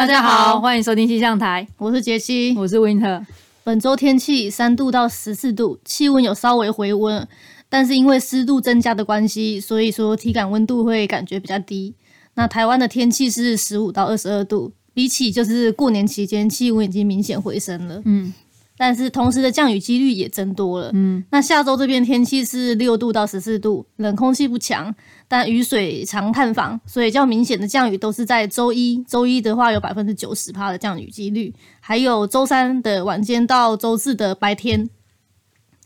啊，大家好，啊，歡迎收聽氣象台，我是傑西，我是 Winter。本周天氣三度到十四度，氣溫有稍微回溫，但是因為濕度增加的關係，所以說體感溫度會感覺比較低。那台灣的天氣是十五到二十二度，比起就是過年期間氣溫已經明顯回升了。嗯。但是同時的降雨幾率也增多了。嗯，那下周這邊天氣是六度到十四度，冷空氣不強，但雨水常探訪，所以較明顯的降雨都是在周一。周一的話有百分之九十趴的降雨幾率，還有周三的晚間到周四的白天。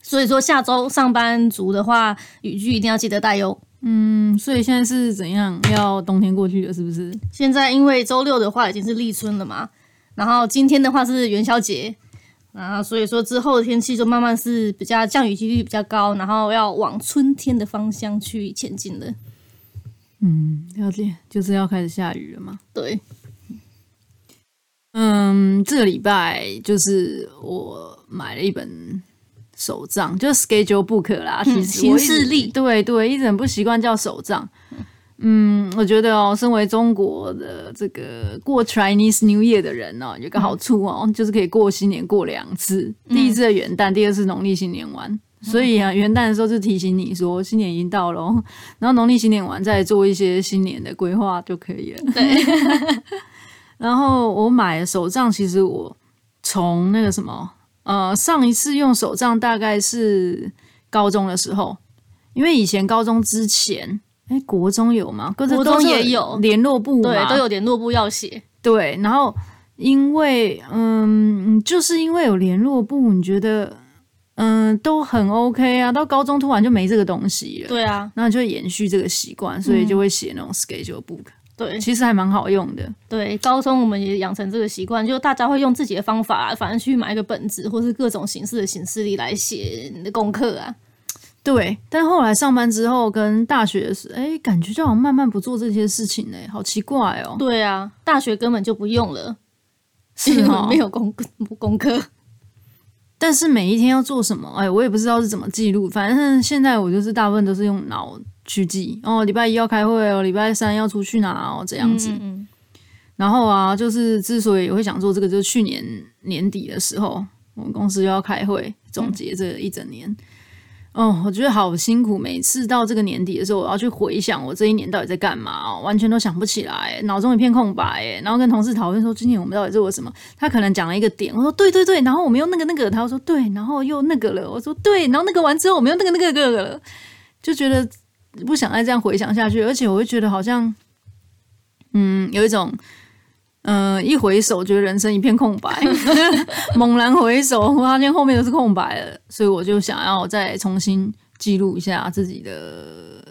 所以說下周上班族的話，雨具一定要記得帶哦。嗯，所以現在是怎樣？要冬天過去了是不是？現在因為周六的話已經是立春了嘛，然後今天的話是元宵節。然後，所以說之後的天氣就慢慢是比較降雨幾率比較高，然後要往春天的方向去前進了。嗯，了解，就是要開始下雨了嘛。對，嗯，這個禮拜就是我買了一本手賬，就是 schedule book 啦，行事曆。對對，一直很不習慣叫手賬。嗯，我覺得哦，身為中國的這個過 Chinese New Year 的人哦，有個好處哦、嗯，就是可以過新年過兩次，第一次的元旦，第二次農曆新年完、嗯。所以啊，元旦的時候就提醒你說新年已經到了、哦，然後農曆新年完再做一些新年的規劃就可以了。對。 然後我買手賬，其實我從那個什麼，呃，上一次用手賬大概是高中的時候，因為以前高中之前。哎，國中有嗎？有嗎？國中也有聯絡簿。對，都有聯絡簿要寫。對，然後因為嗯，就是因為有聯絡簿，你覺得嗯都很 OK 啊。到高中突然就沒這個東西了，對啊，那就延續這個習慣，所以就會寫那種 schedule book、嗯。對，其實還蠻好用的。對，高中我們也養成這個習慣，就大家會用自己的方法，反正去買一個本子，或是各種形式的形式裡來寫你的功課啊。對，但後來上班之後跟大學時，哎，感覺就好像慢慢不做這些事情呢。好奇怪哦。對啊，大學根本就不用了，是嗎？哦？因為沒有功功課。但是每一天要做什麼，哎，我也不知道是怎麼記錄。反正現在我就是大部分都是用腦去記哦。禮拜一要開會哦，禮拜三要出去哪哦，這樣子。嗯嗯嗯。然後啊，就是之所以我會想做這個，就是去年年底的時候，我們公司要開會總結這一整年。嗯哦，我覺得好辛苦。每次到這個年底的時候，我要去回想我這一年到底在幹嘛，完全都想不起來，腦中一片空白。然後跟同事討論說，今年我們到底做了什麼？他可能講了一個點，我說對對對，然後我們用那個那個，他說對，然後又那個了，我說對，然後那個完之後，我們用那個那個那個了，就覺得不想再這樣回想下去，而且我會覺得好像，嗯，有一種。嗯、呃，一回首覺得人生一片空白， 猛然回首我發現後面都是空白了，所以我就想要再重新記錄一下自己的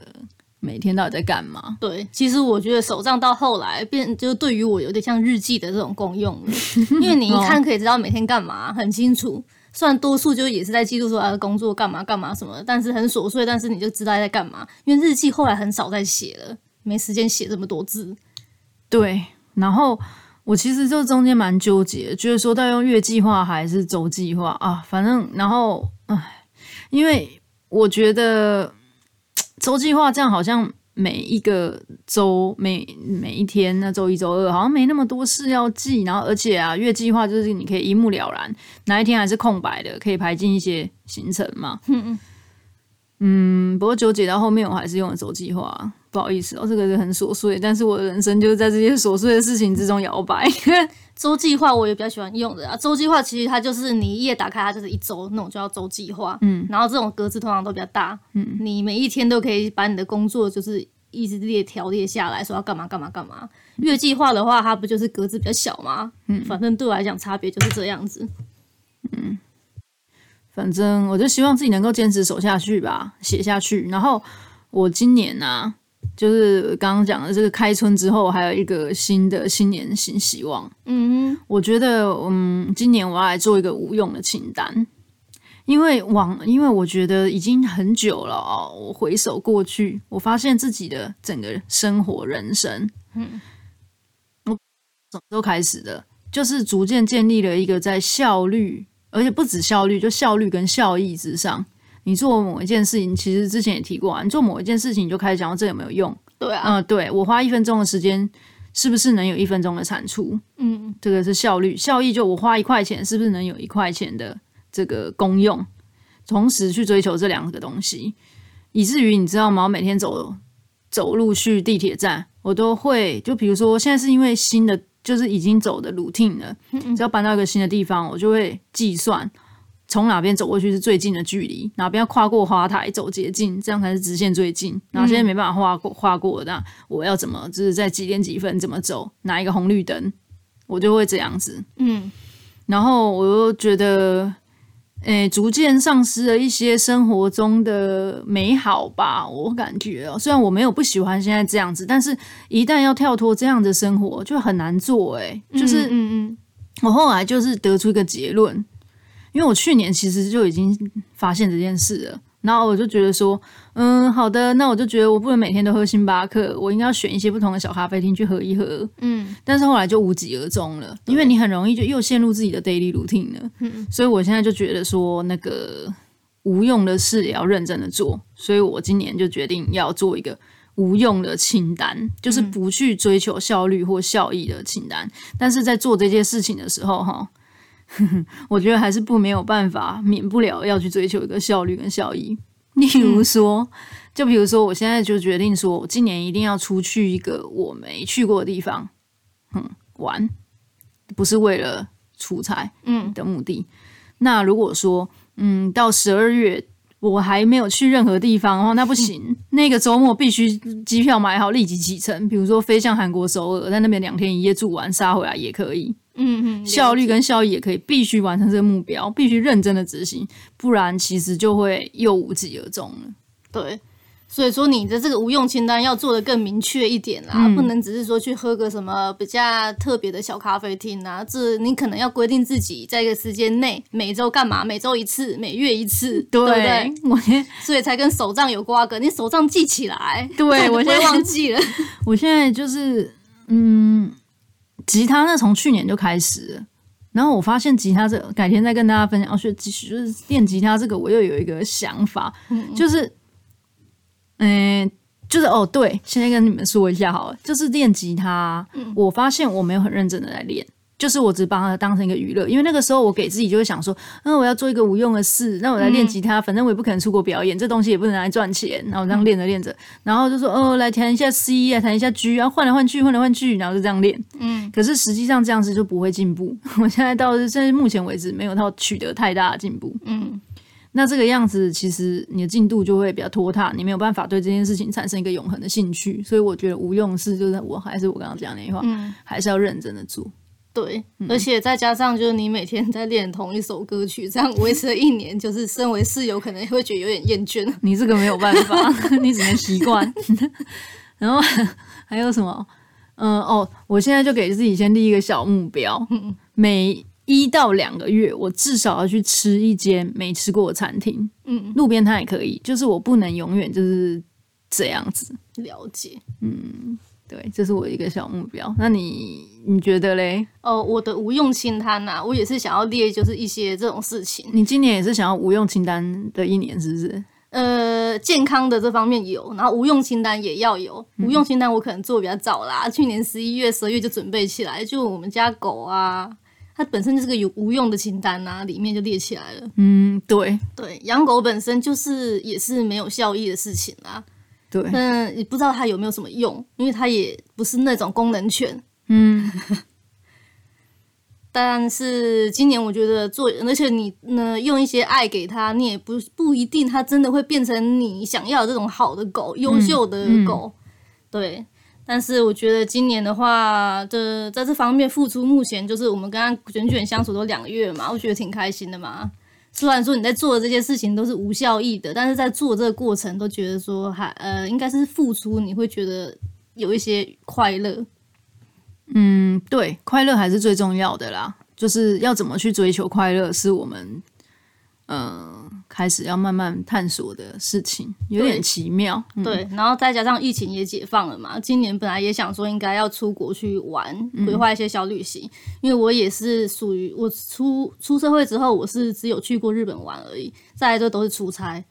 每天到底在幹嘛。對，其實我覺得手賬到後來變，就是對於我有點像日記的這種功用了， 因為你一看可以知道每天幹嘛，很清楚。雖然多數就也是在記錄說他的工作幹嘛幹嘛什麼，但是很瑣碎，但是你就知道在幹嘛。因為日記後來很少在寫了，沒時間寫這麼多字。對，然後。我其實就中間蠻糾結，就是說到底用月計劃還是周計劃啊，反正然後唉，因為我覺得周計劃這樣好像每一個周每每一天，那週一、週二好像沒那麼多事要記，然後而且啊，月計劃就是你可以一目了然哪一天還是空白的，可以排進一些行程嘛。嗯嗯，不過糾結到後面，我還是用了周計劃。不好意思哦，這個人很瑣碎，但是我的人生就是在這些瑣碎的事情之中搖擺。週計劃我也比較喜歡用的啊，週計劃其實它就是你一頁打開，它就是一週那種，就叫週計劃。嗯，然後這種格子通常都比較大，嗯，你每一天都可以把你的工作就是一直列條列下來說要幹嘛幹嘛幹嘛。月計劃的話，它不就是格子比較小嗎？嗯，反正對我來講，差別就是這樣子。嗯，反正我就希望自己能夠堅持守下去吧，寫下去。然後我今年啊。就是剛剛講的，這個開春之後還有一個新的新年新希望。嗯哼，我覺得，嗯，今年我要來做一個無用的清單，因為往，因為我覺得已經很久了哦，我回首過去，我發現自己的整個生活人生，嗯，我什麼時候開始的？就是逐漸建立了一個在效率，而且不止效率，就效率跟效益之上。你做某一件事情，其實之前也提過啊。你做某一件事情，你就開始想到這有沒有用？對啊。嗯，對我花一分鐘的時間，是不是能有一分鐘的產出？嗯，這個是效率效益。就我花一塊錢，是不是能有一塊錢的這個功用？同時去追求這兩個東西，以至於你知道嗎？我每天走走路去地鐵站，我都會就比如說，現在是因為新的，就是已經走的 routine 了。嗯嗯，只要搬到一個新的地方，我就會計算。從哪邊走過去是最近的距離？哪邊要跨過花台走捷徑，這樣才是直線最近。嗯、然後現在沒辦法跨過，跨過那我要怎麼？就是在幾點幾分怎麼走？哪一個紅綠燈？我就會這樣子。嗯。然後我又覺得，哎，逐漸喪失了一些生活中的美好吧。我感覺，雖然我沒有不喜歡現在這樣子，但是一旦要跳脫這樣的生活，就很難做、欸。哎，就是，嗯，嗯嗯。我後來就是得出一個結論。因為我去年其實就已經發現這件事了，然後我就覺得說，嗯，好的，那我就覺得我不能每天都喝星巴克，我應該要選一些不同的小咖啡廳去喝一喝，嗯。但是後來就無疾而終了，因為你很容易就又陷入自己的 daily routine 了，嗯。所以我現在就覺得說，那個無用的事也要認真的做，所以我今年就決定要做一個無用的清單，就是不去追求效率或效益的清單。嗯，但是在做這件事情的時候，哈。 我覺得還是不沒有辦法，免不了要去追求一個效率跟效益。例如說，嗯、就比如說，我現在就決定說，我今年一定要出去一個我沒去過的地方，嗯，玩，不是為了出差嗯的目的、嗯。那如果說嗯，到十二月我還沒有去任何地方的話，那不行，嗯、那個周末必須機票買好立即啟程。比如說飛向韓國首爾，在那邊兩天一夜住完殺回來也可以。嗯嗯，效率跟效益也可以，必須完成這個目標，必須認真的執行，不然其實就會又無疾而終了。對，所以說你的這個無用清單要做的更明確一點啦，啊嗯，不能只是說去喝個什麼比較特別的小咖啡廳啊，這你可能要規定自己在一個時間內每週幹嘛，每週一次，每月一次，對，對，對不對？所以才跟手賬有瓜葛，你手賬記起來。對我現在忘記了，我現在，我現在就是嗯。吉他那從去年就開始，然後我發現吉他這個，改天再跟大家分享。哦，其實就是練吉他這個，我又有一個想法，就是，嗯，就是、就是、哦，對，現在跟你們說一下好了，就是練吉他，嗯、我發現我沒有很認真的在練。就是我只把它當成一個娛樂，因為那個時候我給自己就會想說，嗯、呃，我要做一個無用的事，那我來練吉他，反正我也不可能出國表演，嗯、這東西也不能拿來賺錢，然後我這樣練着練着，然後就說哦，來彈一下 C 啊，彈一下 G 啊，換來換去，換來換去，然後就這樣練。嗯，可是實際上這樣子就不會進步。我現在到現在目前為止，沒有到取得太大的進步。嗯，那這個樣子其實你的進度就會比較拖沓，你沒有辦法對這件事情產生一個永恆的興趣，所以我覺得無用事就是我還是我剛剛講那句話，嗯、還是要認真的做。對、嗯，而且再加上就是你每天在練同一首歌曲，這樣維持了一年，就是身為室友可能也會覺得有點厭倦。你這個沒有辦法， 你只能習慣。 然後還有什麼？嗯、呃、哦，我現在就給自己先立一個小目標，嗯、每一到兩個月我至少要去吃一間沒吃過的餐廳。嗯，路邊攤也可以，就是我不能永遠就是這樣子。了解，嗯。對，這是我一個小目標。那你你覺得嘞？哦，我的無用清單啊，我也是想要列，就是一些這種事情。你今年也是想要無用清單的一年，是不是？呃，健康的這方面有，然後無用清單也要有。嗯。無用清單我可能做比較早啦，去年十一月、十二月就準備起來。就我們家狗啊，它本身就是個有無用的清單啊，裡面就列起來了。嗯，對對，養狗本身就是也是沒有效益的事情啊。對嗯，也不知道它有沒有什麼用，因為它也不是那種功能犬。嗯， 但是今年我覺得做，而且你呢用一些愛給它，你也不不一定它真的會變成你想要的這種好的狗，嗯，優秀的狗、嗯。對，但是我覺得今年的話的在這方面付出，目前就是我們跟它卷卷相處都兩個月嘛，我覺得挺開心的嘛。雖然說你在做的這些事情都是無效益的，但是在做這個過程都覺得說還呃、嗯、應該是付出，你會覺得有一些快樂。嗯，對，快樂還是最重要的啦，就是要怎麼去追求快樂是我們，嗯。開始要慢慢探索的事情，有點奇妙，對、嗯，對。然後再加上疫情也解放了嘛，今年本來也想說應該要出國去玩，規劃一些小旅行。嗯、因為我也是屬於我出出社會之後，我是只有去過日本玩而已，再來就是都是出差。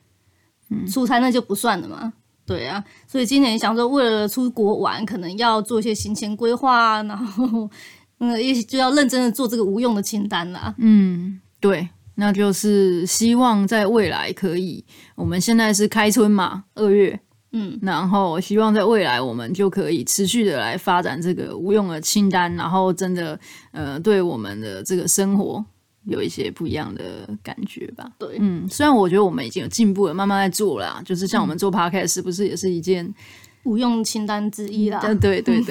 嗯，出差那就不算了嘛。對啊，所以今年想說為了出國玩，可能要做一些行前規劃、啊，然後嗯，也就要認真的做這個無用的清單啦。嗯，對。那就是希望在未來可以，我們現在是開春嘛，二月，嗯，然後希望在未來我們就可以持續的來發展這個無用的清單，然後真的，呃，對我們的這個生活有一些不一樣的感覺吧。對，嗯，雖然我覺得我們已經有進步了，慢慢在做啦。就是像我們做 podcast 是不是也是一件無用清單之一啦？對、嗯、對對。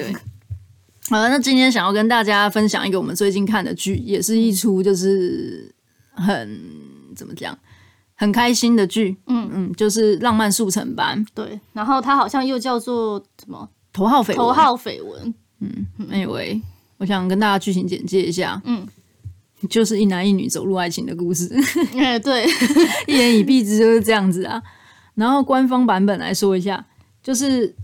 好了、 呃，那今天想要跟大家分享一個我們最近看的劇，也是一出就是。很怎麼講？很開心的劇，嗯嗯，就是浪漫速成班。對，然後它好像又叫做什麼？頭號緋頭號緋聞。嗯，那、嗯、喂、嗯，我想跟大家劇情簡介一下。嗯，就是一男一女走入愛情的故事。哎、嗯，對， 一言以蔽之就是這樣子啊。 然後官方版本來說一下，就是。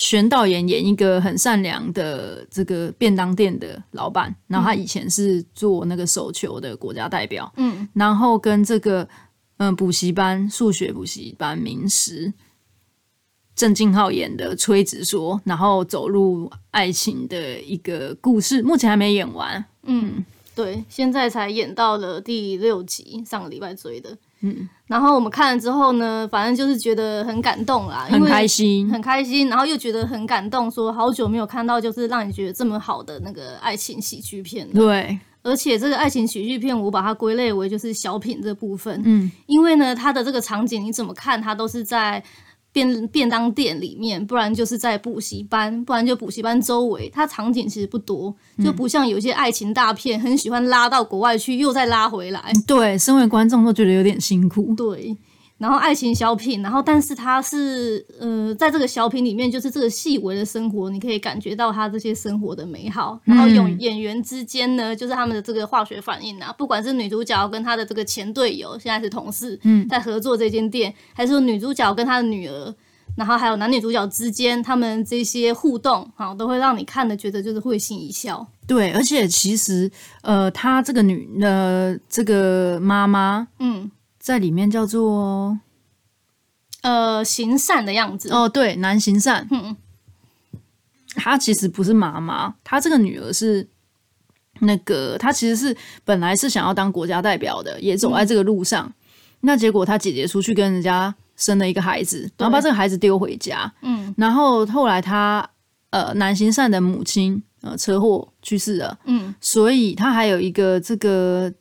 玄道演演一個很善良的這個便當店的老闆，然後他以前是做那個手球的國家代表，嗯，然後跟這個嗯補習班數學補習班名師鄭敬淏演的崔子說，然後走入愛情的一個故事，目前還沒演完，嗯，嗯對，現在才演到了第六集，上個禮拜追的。嗯，然後我們看了之後呢，反正就是覺得很感動啦，因為很開心，很開心，然後又覺得很感動，說好久沒有看到就是讓你覺得這麼好的那個愛情喜劇片了。對，而且這個愛情喜劇片，我把它歸類為就是小品這部分，嗯，因為呢，它的這個場景你怎麼看，它都是在。便便當店裡面，不然就是在補習班，不然就補習班周圍。它場景其實不多，就不像有些愛情大片，很喜歡拉到國外去，又再拉回來。嗯，對，身為觀眾都覺得有點辛苦。對。然後愛情小品，然後但是它是呃，在這個小品裡面，就是這個細微的生活，你可以感覺到他這些生活的美好。然後有演員之間呢，就是他們的這個化學反應啊，不管是女主角跟她的這個前隊友，現在是同事，在合作這間店，還是女主角跟她的女兒，然後還有男女主角之間他們這些互動，哈，都會讓你看的覺得就是會心一笑。對，而且其實呃，她這個女的、呃，這個媽媽，嗯。在裡面叫做呃行善的樣子哦，對，男行善，嗯，他其實不是媽媽，他這個女兒是那個，他其實是本來是想要當國家代表的，也走在這個路上，嗯，那結果他姐姐出去跟人家生了一個孩子，然後把這個孩子丟回家，嗯，然後後來他呃男行善的母親呃車禍去世了，嗯，所以他還有一個這個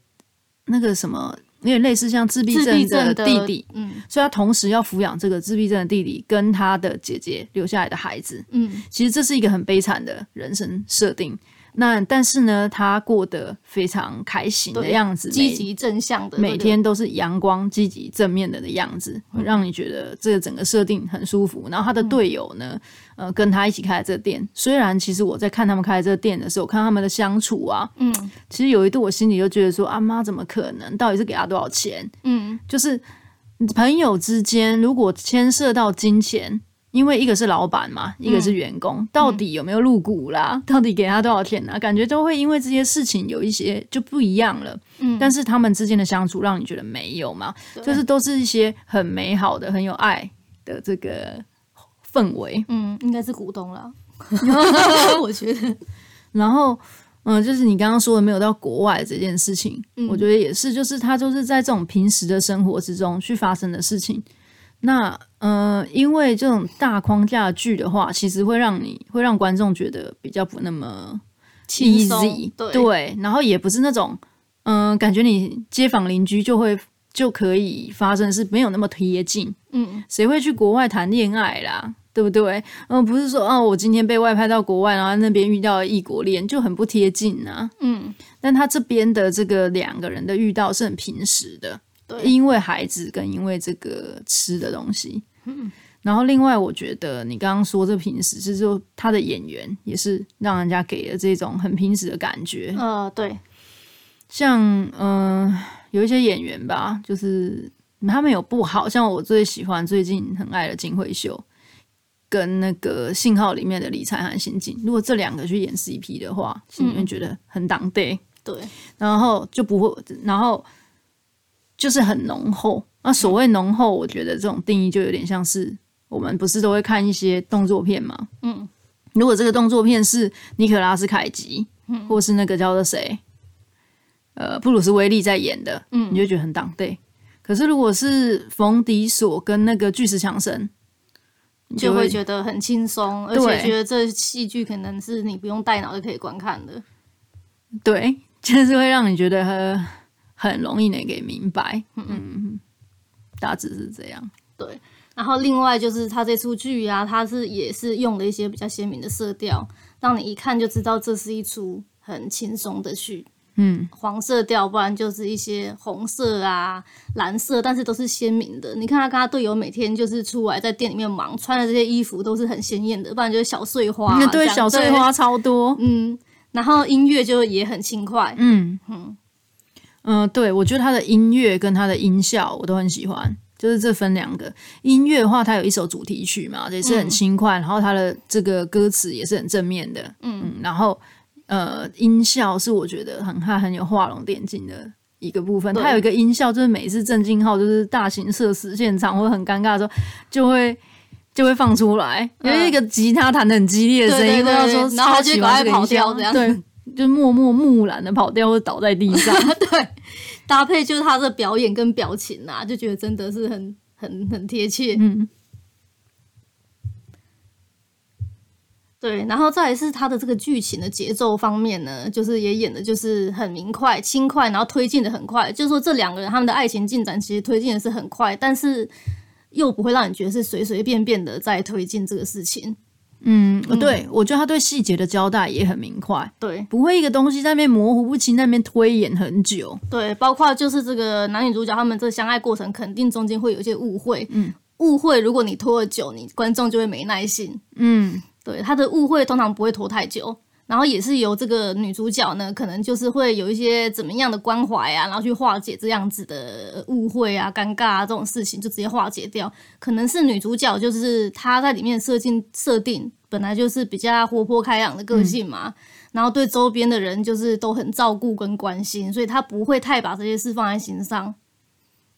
那個什麼。有點類似像自閉症的弟弟的，嗯，所以他同時要撫養這個自閉症的弟弟跟他的姐姐留下來的孩子，嗯，其實這是一個很悲慘的人生設定。那但是呢，他過得非常開心的樣子，積極正向的，每，每天都是陽光、積極正面的的樣子，嗯，會讓你覺得這個整個設定很舒服。然後他的隊友呢，嗯，呃，跟他一起開這個店，雖然其實我在看他們開這個店的時候，看他們的相處啊，嗯，其實有一度我心裡就覺得說，阿、啊、媽怎麼可能？到底是給他多少錢？嗯，就是朋友之間如果牽涉到金錢。因為一個是老闆嘛，一個是員工，嗯、到底有沒有入股啦？嗯、到底給他多少錢啊？感覺都會因為這些事情有一些就不一樣了。嗯，但是他們之間的相處讓你覺得沒有嘛？就是都是一些很美好的、很有愛的這個氛圍。嗯，應該是股東啦， 我覺得。然後，嗯，就是你剛剛說的沒有到國外這件事情，嗯、我覺得也是，就是他就是在這種平時的生活之中去發生的事情。那。嗯、呃，因為這種大框架的劇的話，其實會讓你會讓觀眾覺得比較不那麼 easy, 輕鬆，對，對，然後也不是那種嗯、呃，感覺你街坊鄰居就會就可以發生，是沒有那麼貼近。嗯，誰會去國外談戀愛啦，對不對？嗯，不是說哦，我今天被外派到國外，然後那邊遇到了異國戀，就很不貼近啊。嗯，但他這邊的這個兩個人的遇到是很平時的，對，對，因為孩子跟因為這個吃的東西。嗯，然後另外，我覺得你剛剛說這平時，就是說他的演員也是讓人家給了這種很平時的感覺。呃，對，像嗯、呃，有一些演員吧，就是他們有不好，像我最喜歡最近很愛的金惠秀，跟那個信號裡面的李財翰、辛景，如果這兩個去演 CP 的話，嗯嗯心裡面覺得很登對，對，然後就不會，然後就是很濃厚。那所謂濃厚、嗯，我覺得這種定義就有點像是我們不是都會看一些動作片嗎？嗯，如果這個動作片是尼可拉斯凱吉、嗯，或是那個叫做誰，呃、布魯斯威利在演的，嗯，你就覺得很黨對。可是如果是馮迪索跟那個巨石強森，就會覺得很輕鬆，而且覺得這戲劇可能是你不用帶腦就可以觀看的。對，就是會讓你覺得很，很容易能給明白。嗯嗯。大致是這樣，對。然後另外就是他這出劇啊，他是也是用了一些比較鮮明的色調，讓你一看就知道這是一出很輕鬆的劇。嗯，黃色調，不然就是一些紅色啊、藍色，但是都是鮮明的。你看他跟他隊友每天就是出來在店裡面忙，穿的這些衣服都是很鮮豔的，不然就是小碎花。對，小碎花超多。嗯，然後音樂就也很輕快。嗯哼。嗯嗯，對，我覺得他的音樂跟他的音效我都很喜歡，就是這分兩個。音樂的話，他有一首主題曲嘛，也是很輕快，嗯、然後他的這個歌詞也是很正面的。嗯，嗯然後呃，音效是我覺得很他很有畫龍點睛的一個部分。他有一個音效，就是每一次正經號就是大型社死現場或者很尷尬的時候，就會就會放出來，嗯，因為一個吉他彈的很激烈的聲音，對對對對要說個音然後說超級可愛跑調這樣子。對就默默木然的跑掉或倒在地上， 對，搭配就是他的表演跟表情啊，就覺得真的是很很很貼切。嗯，對，然後再來是他的這個劇情的節奏方面呢，就是也演的就是很明快、輕快，然後推進的很快。就是說這兩個人他們的愛情進展其實推進的是很快，但是又不會讓你覺得是隨隨便便的在推進這個事情。嗯，對嗯，我覺得他對細節的交代也很明快。對，不會一個東西在那邊模糊不清，在那邊推演很久。對，包括就是這個男女主角他們這相愛過程，肯定中間會有一些誤會。嗯，誤會，如果你拖了久，你觀眾就會沒耐心。嗯，對，他的誤會通常不會拖太久。然後也是由這個女主角呢，可能就是會有一些怎麼樣的關懷啊，然後去化解這樣子的誤會啊、尷尬啊這種事情，就直接化解掉。可能是女主角就是她在裡面設定設定本來就是比較活潑開朗的個性嘛、嗯，然後對周邊的人就是都很照顧跟關心，所以她不會太把這些事放在心上。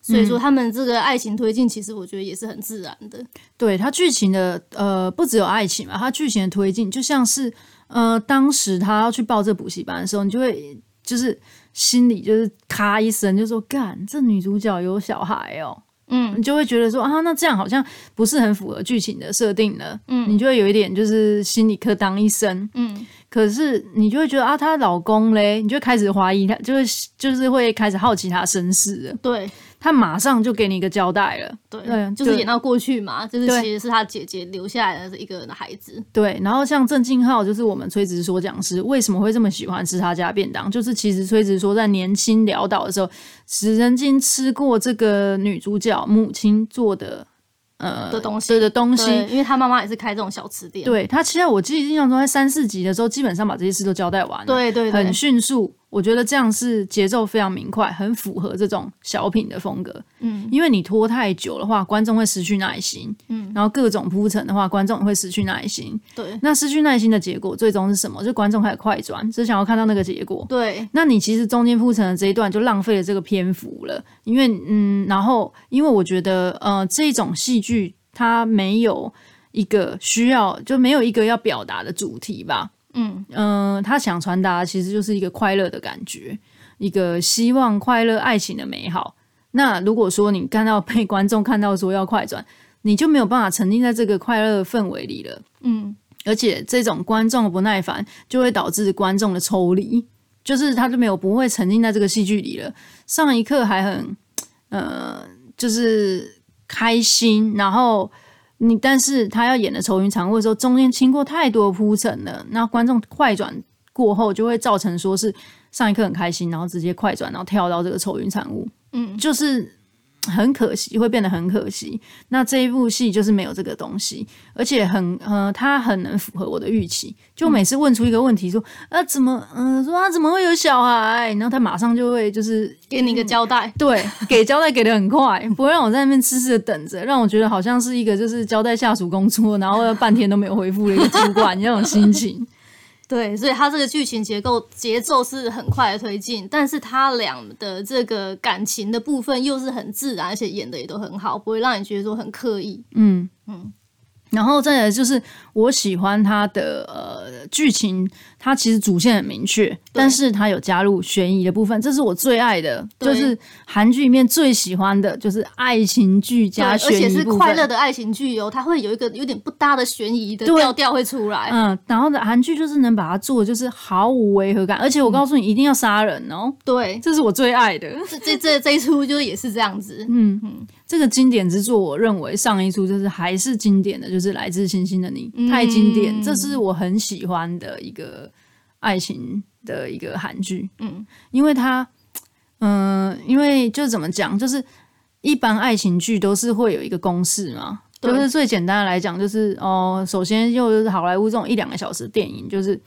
所以說他們這個愛情推進，其實我覺得也是很自然的。嗯、對她劇情的呃，不只有愛情嘛，她劇情的推進就像是。呃，當時她要去報這補習班的時候，你就會就是心裡就是咔一聲，就說幹，這女主角有小孩哦，嗯，你就會覺得說啊，那這樣好像不是很符合劇情的設定了，嗯，你就會有一點就是心理課當醫生，嗯，可是你就會覺得啊，她老公嘞，你就開始懷疑她，就是就是會開始好奇她身世，對。他馬上就給你一個交代了，對，對，就是演到過去嘛，就是其實是他姐姐留下來的一個人的孩子。對，然後像鄭敬淏，就是我們崔植說講師為什麼會這麼喜歡吃他家便當，就是其實崔植說在年輕潦倒的時候，曾經吃過這個女主角母親做的，呃，的東西，對，的東西，因為他媽媽也是開這種小吃店。對，他其實我記得印象中在三四集的時候，基本上把這些事都交代完啊，對對對，很迅速。我覺得這樣是節奏非常明快，很符合這種小品的風格。嗯，因為你拖太久的話，觀眾會失去耐心。嗯，然後各種鋪陳的話，觀眾也會失去耐心。對，那失去耐心的結果，最終是什麼？就觀眾開始快轉，只想要看到那個結果。對，那你其實中間鋪陳的這一段就浪費了這個篇幅了。因為，嗯，然後，因為我覺得，呃，這種戲劇它沒有一個需要，就沒有一個要表達的主題吧。嗯嗯，呃，他想傳達其實就是一個快樂的感覺，一個希望快樂愛情的美好。那如果說你看到被觀眾看到說要快轉，你就沒有辦法沉浸在這個快樂的氛圍裡了。嗯，而且這種觀眾的不耐煩就會導致觀眾的抽離，就是他就沒有不會沉浸在這個戲劇裡了。上一刻還很呃，就是開心，然後。你但是他要演的愁雲慘霧的時候，中間經過太多鋪陳了，那觀眾快轉過後就會造成說是上一刻很開心，然後直接快轉，然後跳到這個愁雲慘霧，嗯，就是。很可惜，會變得很可惜。那這一部戲就是沒有這個東西，而且很呃，他很能符合我的預期。就每次問出一個問題說，說、嗯、啊怎麼嗯，說、啊、他怎麼會有小孩，然後他馬上就會就是給你一個交代、嗯，對，給交代給得很快，不會讓我在那邊痴痴的等着，讓我覺得好像是一個就是交代下屬工作，然後半天都沒有回復的一個主管 你那種心情。對，所以他這個劇情結構節奏是很快的推進，但是他倆的這個感情的部分又是很自然，而且演的也都很好，不會讓你覺得說很刻意。嗯嗯，然後再來就是我喜歡他的呃劇情。它其實主線很明確，但是它有加入懸疑的部分，這是我最愛的，就是韓劇裡面最喜歡的就是愛情劇加懸疑部分，而且是快樂的愛情劇哦，它會有一個有點不搭的懸疑的調對調會出來。嗯，然後呢，韓劇就是能把它做，就是毫無違和感，嗯，而且我告訴你，一定要殺人哦。對，這是我最愛的，這這這這一出就是也是這樣子。嗯嗯，這個經典之作，我認為上一出就是還是經典的，就是《來自星星的你》，嗯，太經典，這是我很喜歡的一個愛情的一個韓劇，嗯，因為他，嗯、呃，因為就怎麼講，就是一般愛情劇都是會有一個公式嘛，就是最簡單的來講，就是哦，首先就是好萊塢這種一兩個小時電影，就是。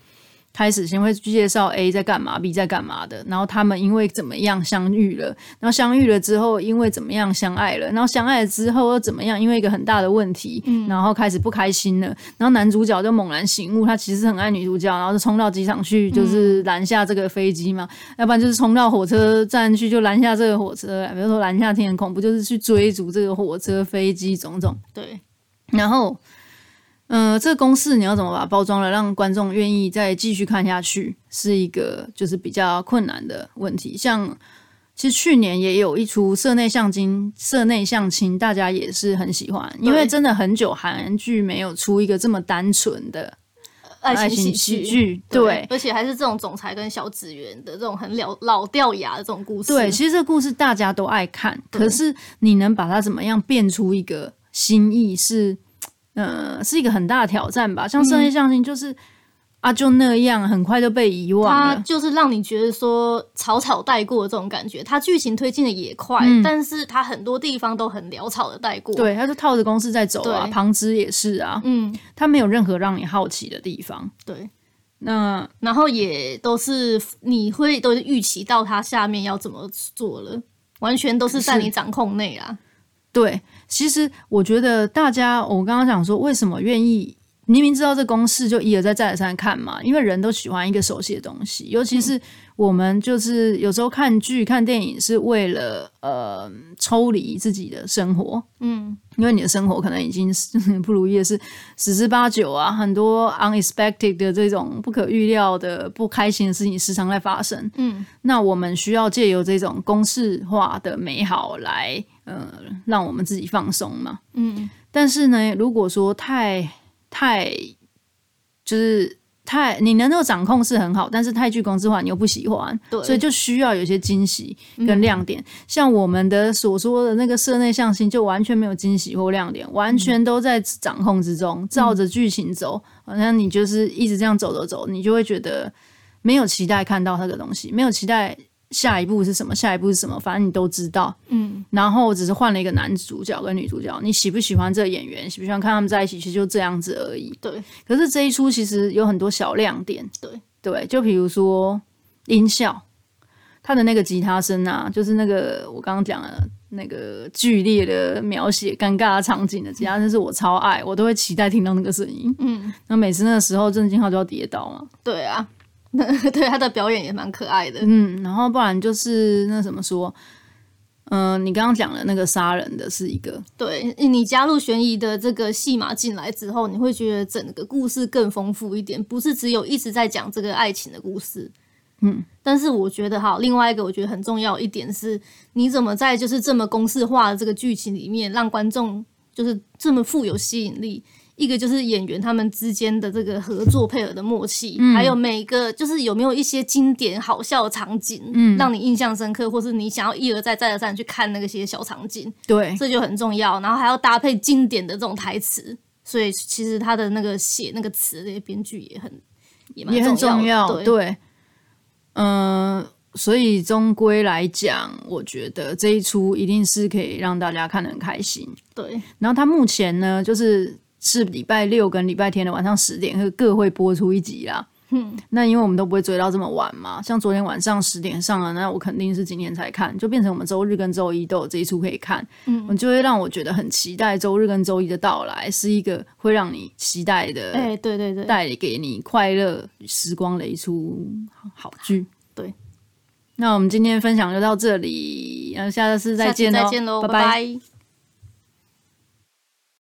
開始先會去介紹 A 在幹嘛，B 在幹嘛的，然後他們因為怎麼樣相遇了，然後相遇了之後因為怎麼樣相愛了，然後相愛了之後又怎麼樣？因為一個很大的問題，然後開始不開心了，然後男主角就猛然醒悟，他其實很愛女主角，然後就衝到機場去，就是攔下這個飛機嘛、嗯，要不然就是衝到火車站去就攔下這個火車，比如說攔下天空，不就是去追逐這個火車、飛機，種種對、嗯，然後。嗯、呃，這個公式你要怎麼把它包裝了，讓觀眾願意再繼續看下去，是一個就是比較困難的問題。像其實去年也有一齣《社內相親》，《社內相親》大家也是很喜歡，因為真的很久韓劇沒有出一個這麼單純的、呃、愛情喜劇、呃、愛情喜劇、對，對，而且還是這種總裁跟小職員的這種很老老掉牙的這種故事。對，其實這個故事大家都愛看，可是你能把它怎麼樣變出一個新意是？呃，是一個很大的挑戰吧。像《深夜相性》就是、嗯、啊，就那樣，很快就被遺忘了。它就是讓你覺得說草草帶過的這種感覺。它劇情推進的也快、嗯，但是它很多地方都很潦草的帶過。對，它就套着公式在走啊，旁支也是啊。嗯，它沒有任何讓你好奇的地方。對，那然後也都是你會都預期到它下面要怎麼做了，完全都是在你掌控內啊。對。其實，我覺得大家，我剛剛講說，為什麼願意。你明明知道這公式，就一而再，再而三看嘛。因為人都喜歡一個熟悉的東西，尤其是我們，就是有時候看劇、看電影是為了呃抽離自己的生活，嗯，因為你的生活可能已經是不如意，是十之八九啊。很多 unexpected 的這種不可預料的不開心的事情時常在發生，嗯，那我們需要借由這種公式化的美好來呃讓我們自己放鬆嘛，嗯。但是呢，如果說太太，就是太你能夠掌控是很好，但是太具公式化你又不喜歡，對，所以就需要有些驚喜跟亮點、嗯。像我們的所說的那個《社內向心》，就完全沒有驚喜或亮點，完全都在掌控之中，嗯、照着劇情走。好像你就是一直這樣走走走，你就會覺得沒有期待看到那個東西，沒有期待。下一步是什麼？下一步是什麼？反正你都知道。嗯，然後我只是換了一個男主角跟女主角。你喜不喜歡這個演員？喜不喜歡看他們在一起？其實就這樣子而已。對。可是這一出其實有很多小亮點。對對，就比如說音效，他的那個吉他聲啊，就是那個我剛剛講的那個劇烈的描寫、尷尬的場景的吉他聲，是我超愛，我都會期待聽到那個聲音。嗯。那每次那個時候，鄭敬淏就要跌倒嘛。對啊。 對他的表演也蠻可愛的，嗯，然後不然就是那怎麼說，嗯、呃，你剛剛講的那個殺人的是一個，對你加入懸疑的這個戲碼進來之後，你會覺得整個故事更豐富一點，不是只有一直在講這個愛情的故事，嗯，但是我覺得哈，另外一個我覺得很重要一點是，你怎麼在就是這麼公式化的這個劇情裡面，讓觀眾就是這麼富有吸引力。一個就是演員他們，之間的這個合作配合的默契，嗯、還有每一個就是有沒有一些經典好笑的場景，嗯，讓你印象深刻，或是你想要一而再再而三去看那些小場景，對，這就很重要。然後還要搭配經典的這種台詞，所以其實他的那個寫那個詞的編劇也很也，也很重要，對。嗯、呃，所以終歸來講，我覺得這一出一定是可以讓大家看得很開心。對，然後他目前呢，就是。是禮拜六跟禮拜天的晚上十點，各會播出一集啦。嗯，那因為我們都不會追到這麼晚嘛，像昨天晚上十點上了，那我肯定是今天才看，就變成我們周日跟周一都有這一出可以看。嗯，就會讓我覺得很期待周日跟周一的到來，是一個會讓你期待的。哎、欸，對對對，帶給你快樂時光的一出好劇。對，那我們今天分享就到這裡，然後下次再見嘍，再見嘍，拜拜。